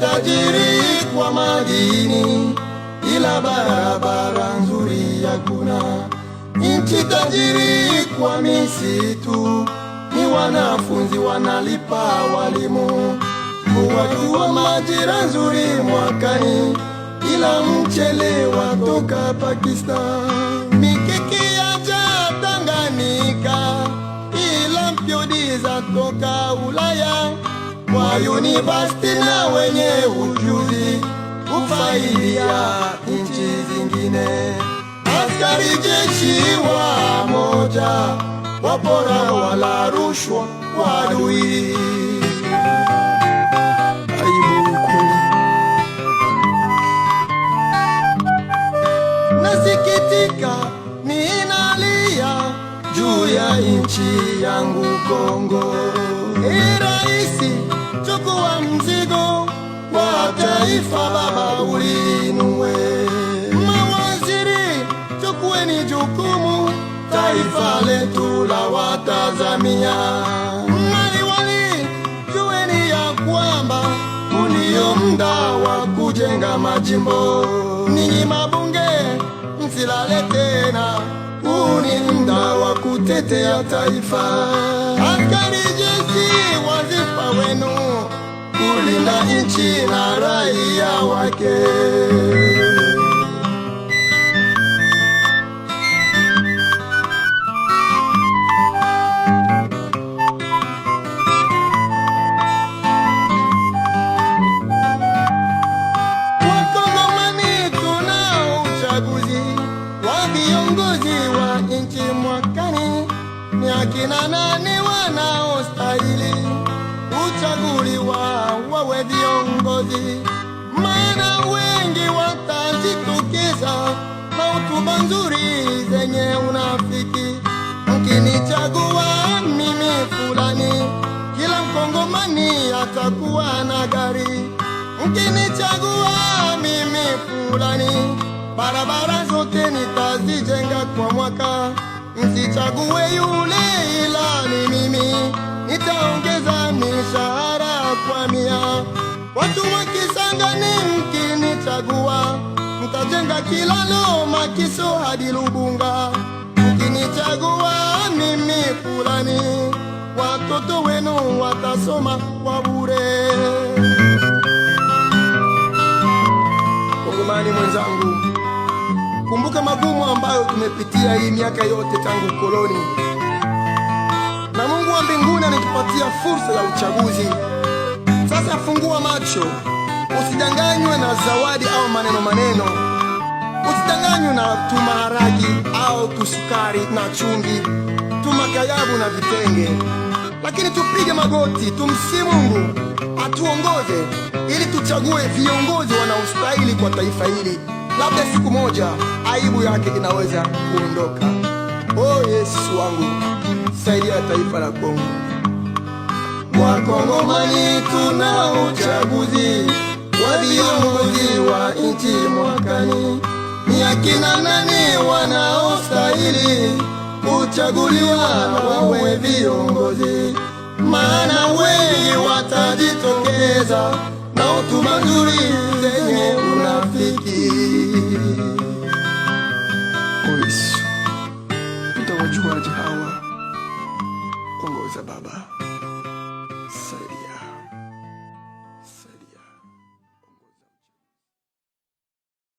tajiri kwa madini, ila barabara nzuri hakuna. Nchi tajiri kwa misitu, ni wanafunzi wanalipa walimu. wa majira nzuri mwakani, ila mchele watoka Pakistan. Mikiki yaja Tanganyika, ila mpyodi za toka Ulaya wa university na wenye ujuzi kufaidia nchi zingine. Askari jeshi wa moja, wapora wala rushwa wadui Nasikitika, ninalia juu ya nchi yangu Kongo. taifa Baba uliinue. Mawaziri chukueni jukumu, taifa letu la watazamia. Maliwali jueni ya kwamba munio mda wa kujenga majimbo. Ninyi mabunge msilale tena, uni mda wa kutetea taifa. Askari jeshi wazifa wenu kulinda nchi na raia wake. uchaguzi wa viongozi wa nchi mwakani, ni akina nani wanaostahili waliochaguliwa wawe viongozi, maana wengi watajitukiza na hotuba nzuri zenye unafiki. Mkinichagua mimi fulani, kila mkongomani atakuwa na gari. Mkinichagua mimi fulani, barabara zote nitazijenga kwa mwaka. Msichague yule Watu wakisanga ni mkinichagua, mtajenga kilalo Makiso hadi Lubunga. Mkinichagua mimi fulani, watoto wenu watasoma kwa bure. Kongomani mwenzangu, kumbuka magumu ambayo tumepitia hii miaka yote tangu koloni, na Mungu wa mbinguni anatupatia fursa ya uchaguzi. Sasa fungua macho, usidanganywe na zawadi au maneno maneno, usidanganywe na tumaharagi au tusukari na chumvi, tumakayabu na vitenge, lakini tupige magoti, tumsi Mungu atuongoze ili tuchague viongozi wanaostahili kwa taifa hili. Labda siku moja aibu yake inaweza kuondoka. O oh, Yesu wangu, saidia taifa la Kongo. Wakongomani tuna uchaguzi wa viongozi wa nchi mwakani. Ni akina nani wanaostahili kuchaguliwa wawe viongozi? Maana wengi watajitokeza na hotuba nzuri zenye unafiki. Utawajuaje hawa? Ongoza Baba.